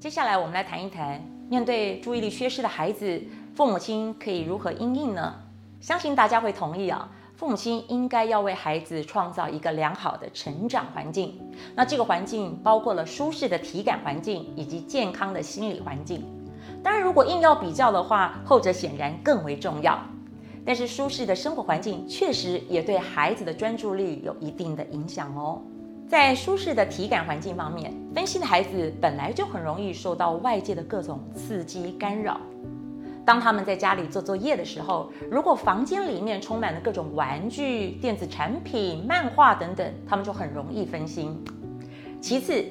接下來，我們來談一談，面對注意力缺失的孩子，父母親可以如何因應呢？相信大家會同意啊，父母親應該要為孩子創造一個良好的成長環境。那這個環境包括了舒適的體感環境以及健康的心理環境。當然，如果硬要比較的話，後者顯然更為重要。但是，舒適的生活環境確實也對孩子的專注力有一定的影響哦。在舒適的體感環境方面，分心的孩子本來就很容易受到外界的各種刺激干擾。當他們在家裡做作業的時候，如果房間裡面充滿了各種玩具、電子產品、漫畫等等，他們就很容易分心。其次，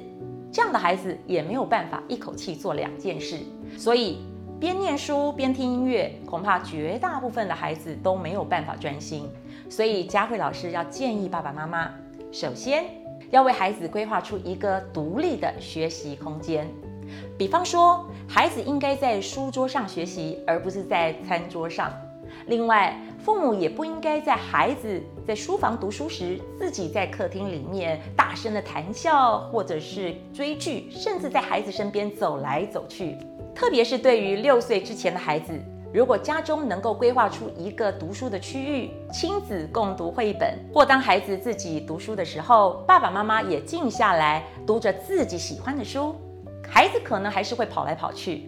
這樣的孩子也沒有辦法一口氣做兩件事，所以邊念書邊聽音樂，恐怕絕大部分的孩子都沒有辦法專心。所以，佳慧老師要建議爸爸媽媽，首先，要為孩子規劃出一個獨立的學習空間，比方說，孩子應該在書桌上學習，而不是在餐桌上。另外，父母也不應該在孩子在書房讀書時，自己在客廳裡面大聲的談笑，或者是追劇，甚至在孩子身邊走來走去。特別是對於六歲之前的孩子。如果家中能夠規劃出一個讀書的區域，親子共讀繪本，或當孩子自己讀書的時候，爸爸媽媽也靜下來讀着自己喜歡的書，孩子可能還是會跑來跑去，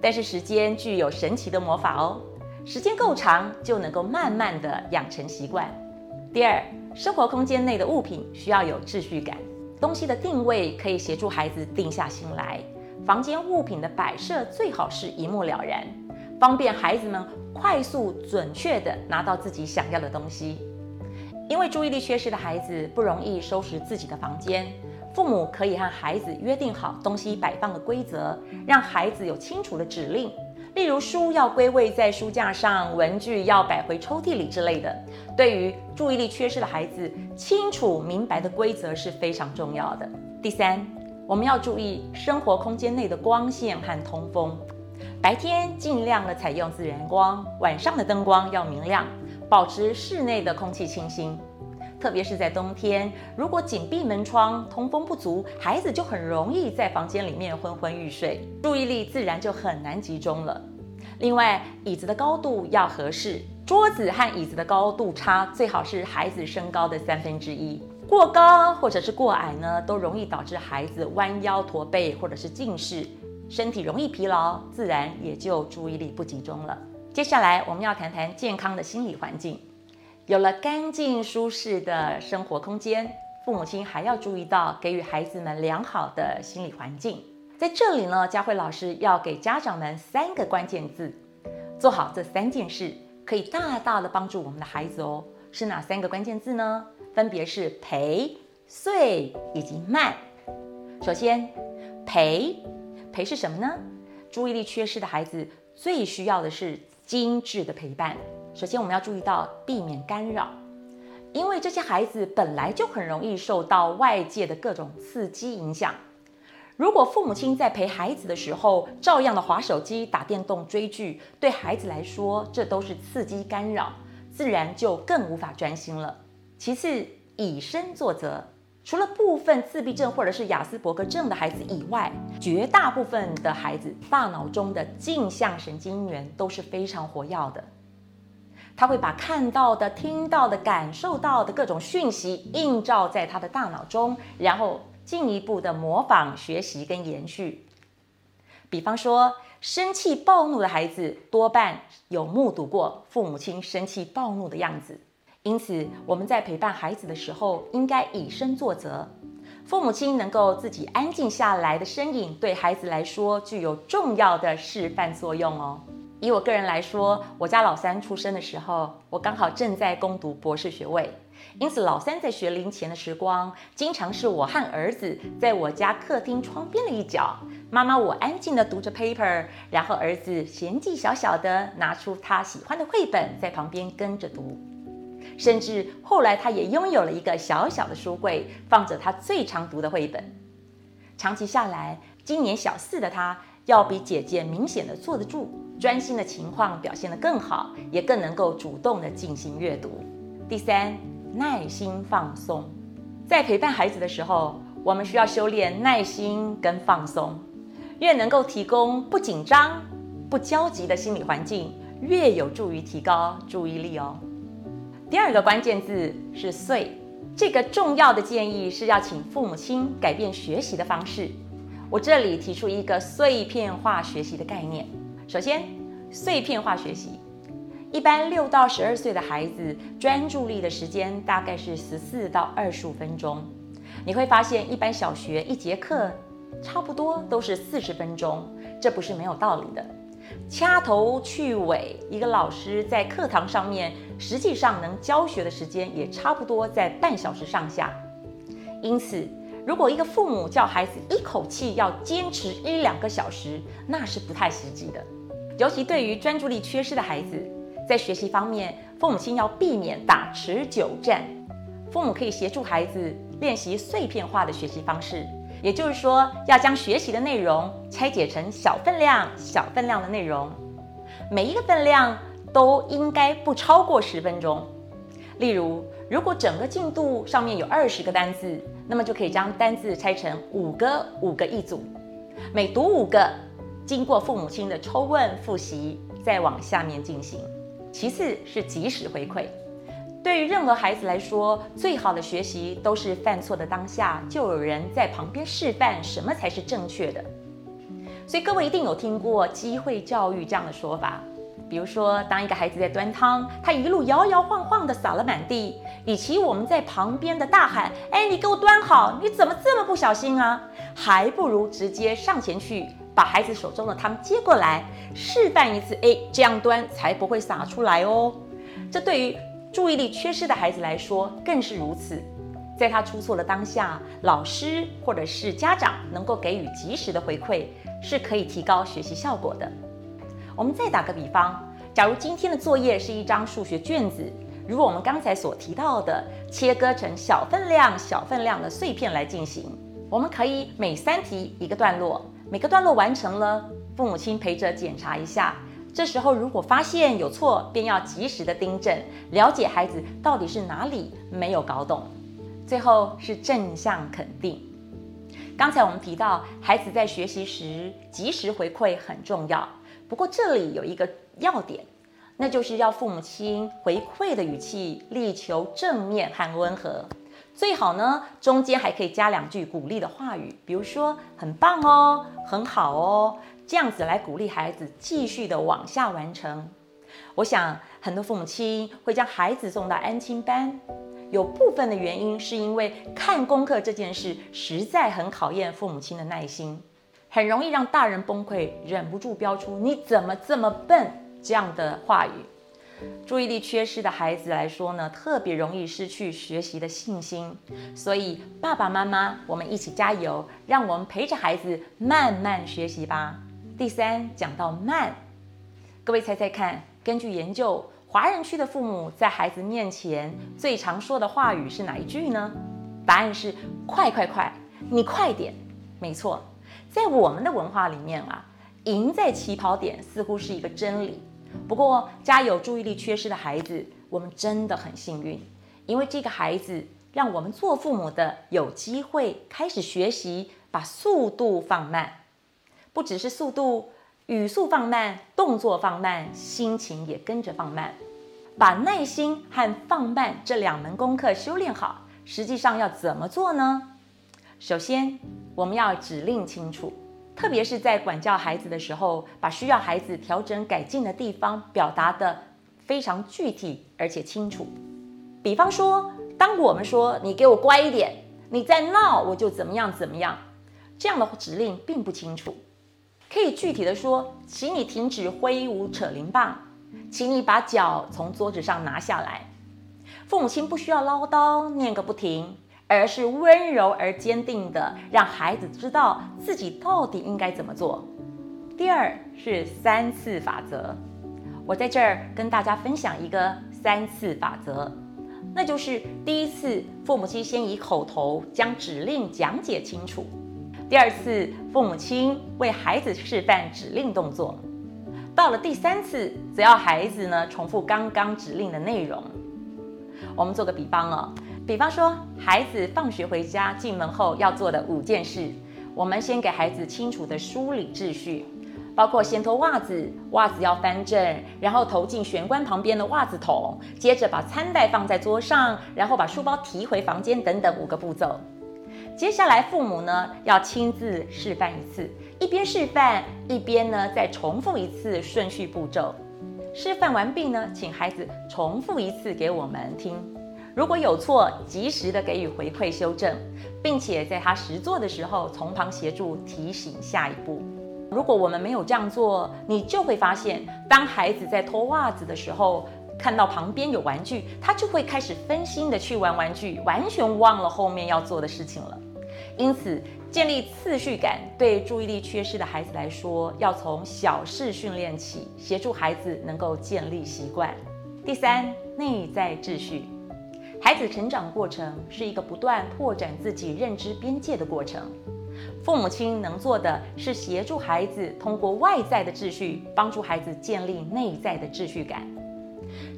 但是時間具有神奇的魔法哦，時間夠長就能夠慢慢的養成習慣。第二，生活空間內的物品需要有秩序感，東西的定位可以協助孩子定下心來，房間物品的擺設最好是一目了然。方便孩子們快速準確地拿到自己想要的東西，因為注意力缺失的孩子不容易收拾自己的房間，父母可以和孩子約定好東西擺放的規則，讓孩子有清楚的指令，例如書要歸位在書架上，文具要擺回抽屜裡之類的。對於注意力缺失的孩子，清楚明白的規則是非常重要的。第三，我們要注意生活空間內的光線和通風。白天儘量的採用自然光，晚上的燈光要明亮，保持室內的空氣清新。特別是在冬天，如果緊閉門窗，通風不足，孩子就很容易在房間裡面昏昏欲睡，注意力自然就很難集中了。另外，椅子的高度要合適，桌子和椅子的高度差最好是孩子身高的三分之一。過高或者是過矮呢，都容易導致孩子彎腰駝背或者是近視。身體容易疲勞，自然也就注意力不集中了。接下來我們要談談健康的心理環境。有了乾淨舒適的生活空間，父母親還要注意到給予孩子們良好的心理環境。在這裡呢，佳慧老師要給家長們三個關鍵字，做好這三件事，可以大大的幫助我們的孩子哦。是哪三個關鍵字呢？分別是陪、碎以及慢。首先陪。陪是什麼呢？注意力缺失的孩子最需要的是精緻的陪伴。首先，我們要注意到避免干擾，因為這些孩子本來就很容易受到外界的各種刺激影響。如果父母親在陪孩子的時候，照樣的滑手機、打電動、追劇，對孩子來說，這都是刺激干擾，自然就更無法專心了。其次，以身作則。除了部分自閉症或者是亞斯伯格症的孩子以外，絕大部分的孩子大腦中的鏡像神經元都是非常活躍的。他會把看到的、聽到的、感受到的各種訊息映照在他的大腦中，然後進一步的模仿、學習跟延續。比方說，生氣暴怒的孩子多半有目睹過父母親生氣暴怒的樣子。因此，我們在陪伴孩子的時候，應該以身作則。父母親能夠自己安靜下來的身影，對孩子來說具有重要的示範作用哦。以我個人來說，我家老三出生的時候，我剛好正在攻讀博士學位，因此老三在學齡前的時光，經常是我和兒子在我家客廳窗邊的一角，媽媽我安靜的讀着 paper，然後兒子年紀小小的拿出他喜歡的繪本，在旁邊跟着讀。甚至後來，他也擁有了一個小小的書櫃，放着他最常讀的繪本。長期下來，今年小四的他要比姐姐明顯的坐得住、專心的情況表現得更好，也更能夠主動地進行閱讀。第三，耐心放鬆，在陪伴孩子的時候，我們需要修煉耐心跟放鬆。越能夠提供不緊張、不焦急的心理環境，越有助於提高注意力哦。第二個關鍵字是碎。這個重要的建議是要請父母親改變學習的方式。我這裡提出一個碎片化學習的概念。首先，碎片化學習，一般六到十二歲的孩子專注力的時間大概是十四到二十五分鐘。你會發現，一般小學一節課差不多都是四十分鐘，這不是沒有道理的。掐頭去尾，一個老師在課堂上面，實際上能教學的時間也差不多在半小時上下。因此，如果一個父母叫孩子一口氣要堅持一兩個小時，那是不太實際的。尤其對於專注力缺失的孩子，在學習方面，父母親要避免打持久戰。父母可以協助孩子練習碎片化的學習方式。也就是說，要將學習的內容拆解成小分量、小分量的內容，每一個分量都應該不超過十分鐘。例如，如果整個進度上面有二十個單字，那麼就可以將單字拆成五個、五個一組，每讀五個，經過父母親的抽問複習，再往下面進行。其次是即時回饋。對於任何孩子來說，最好的學習都是犯錯的當下，就有人在旁邊示範什麼才是正確的。所以各位一定有聽過“機會教育”這樣的說法。比如說，當一個孩子在端湯，他一路搖搖晃晃地灑了滿地，與其我們在旁邊的大喊：“哎，你給我端好，你怎麼這麼不小心啊？”還不如直接上前去把孩子手中的湯接過來，示範一次，哎，這樣端才不會灑出來哦。這對於注意力缺失的孩子來說更是如此，在他出錯的當下，老師或者是家長能夠給予及時的回饋，是可以提高學習效果的。我們再打個比方，假如今天的作業是一張數學卷子，如果我們剛才所提到的切割成小分量、小分量的碎片來進行，我們可以每三題一個段落，每個段落完成了，父母親陪着檢查一下。這時候，如果發現有錯，便要及時的訂正，了解孩子到底是哪裡沒有搞懂。最後是正向肯定。剛才我們提到，孩子在學習時，及時回饋很重要。不過這裡有一個要點，那就是要父母親回饋的語氣力求正面和溫和，最好呢中間還可以加兩句鼓勵的話語，比如說“很棒哦”、“很好哦”。這樣子來鼓勵孩子繼續的往下完成。我想很多父母親會將孩子送到安親班，有部分的原因是因為看功課這件事實在很考驗父母親的耐心，很容易讓大人崩潰，忍不住飆出“你怎麼這麼笨”這樣的話語。注意力缺失的孩子來說呢，特別容易失去學習的信心。所以爸爸媽媽，我們一起加油，讓我們陪着孩子慢慢學習吧。第三，講到慢，各位猜猜看，根據研究，華人區的父母在孩子面前最常說的話語是哪一句呢？答案是“快快快，你快點”。沒錯，在我們的文化裡面啊，贏在起跑點似乎是一個真理。不過，家有注意力缺失的孩子，我們真的很幸運，因為這個孩子讓我們做父母的有機會開始學習，把速度放慢。不只是速度，語速放慢，動作放慢，心情也跟着放慢。把耐心和放慢這兩門功課修煉好，實際上要怎麼做呢？首先，我們要指令清楚，特別是在管教孩子的時候，把需要孩子調整改進的地方表達得非常具體而且清楚。比方說，當我們說“你給我乖一點”，“你再鬧我就怎麼樣怎麼樣”，這樣的指令並不清楚。可以具體地說，請你停止揮舞扯鈴棒，請你把腳從桌子上拿下來。父母親不需要嘮叨念個不停，而是溫柔而堅定地讓孩子知道自己到底應該怎麼做。第二是三次法則，我在這兒跟大家分享一個三次法則，那就是第一次，父母親先以口頭將指令講解清楚。第二次，父母親為孩子示範指令動作。到了第三次，則要孩子呢重複剛剛指令的內容。我們做個比方哦，比方說孩子放學回家進門後要做的五件事，我們先給孩子清楚地梳理秩序，包括先脫襪子，襪子要翻正，然後投進玄關旁邊的襪子桶，接着把餐袋放在桌上，然後把書包提回房間等等五個步驟。接下來，父母呢要親自示範一次，一邊示範，一邊呢再重複一次順序步驟。示範完畢呢，請孩子重複一次給我們聽。如果有錯，及時的給予回饋修正，並且在他實作的時候，從旁協助提醒下一步。如果我們沒有這樣做，你就會發現，當孩子在脫襪子的時候，看到旁邊有玩具，他就會開始分心的去玩玩具，完全忘了後面要做的事情了。因此，建立次序感對注意力缺失的孩子來說，要從小事訓練起，協助孩子能夠建立習慣。第三，內在秩序。孩子成長過程是一個不斷拓展自己認知邊界的過程，父母親能做的是協助孩子通過外在的秩序，幫助孩子建立內在的秩序感。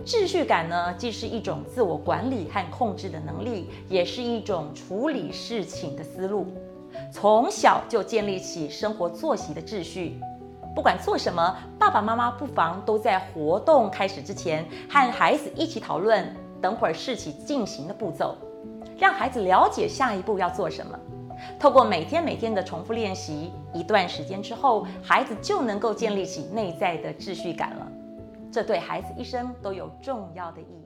秩序感呢，既是一種自我管理和控制的能力，也是一種處理事情的思路。從小就建立起生活作息的秩序，不管做什麼，爸爸媽媽不妨都在活動開始之前和孩子一起討論，等會兒事情進行的步驟，讓孩子了解下一步要做什麼。透過每天每天的重複練習，一段時間之後，孩子就能夠建立起內在的秩序感了。這對孩子一生都有重要的意義。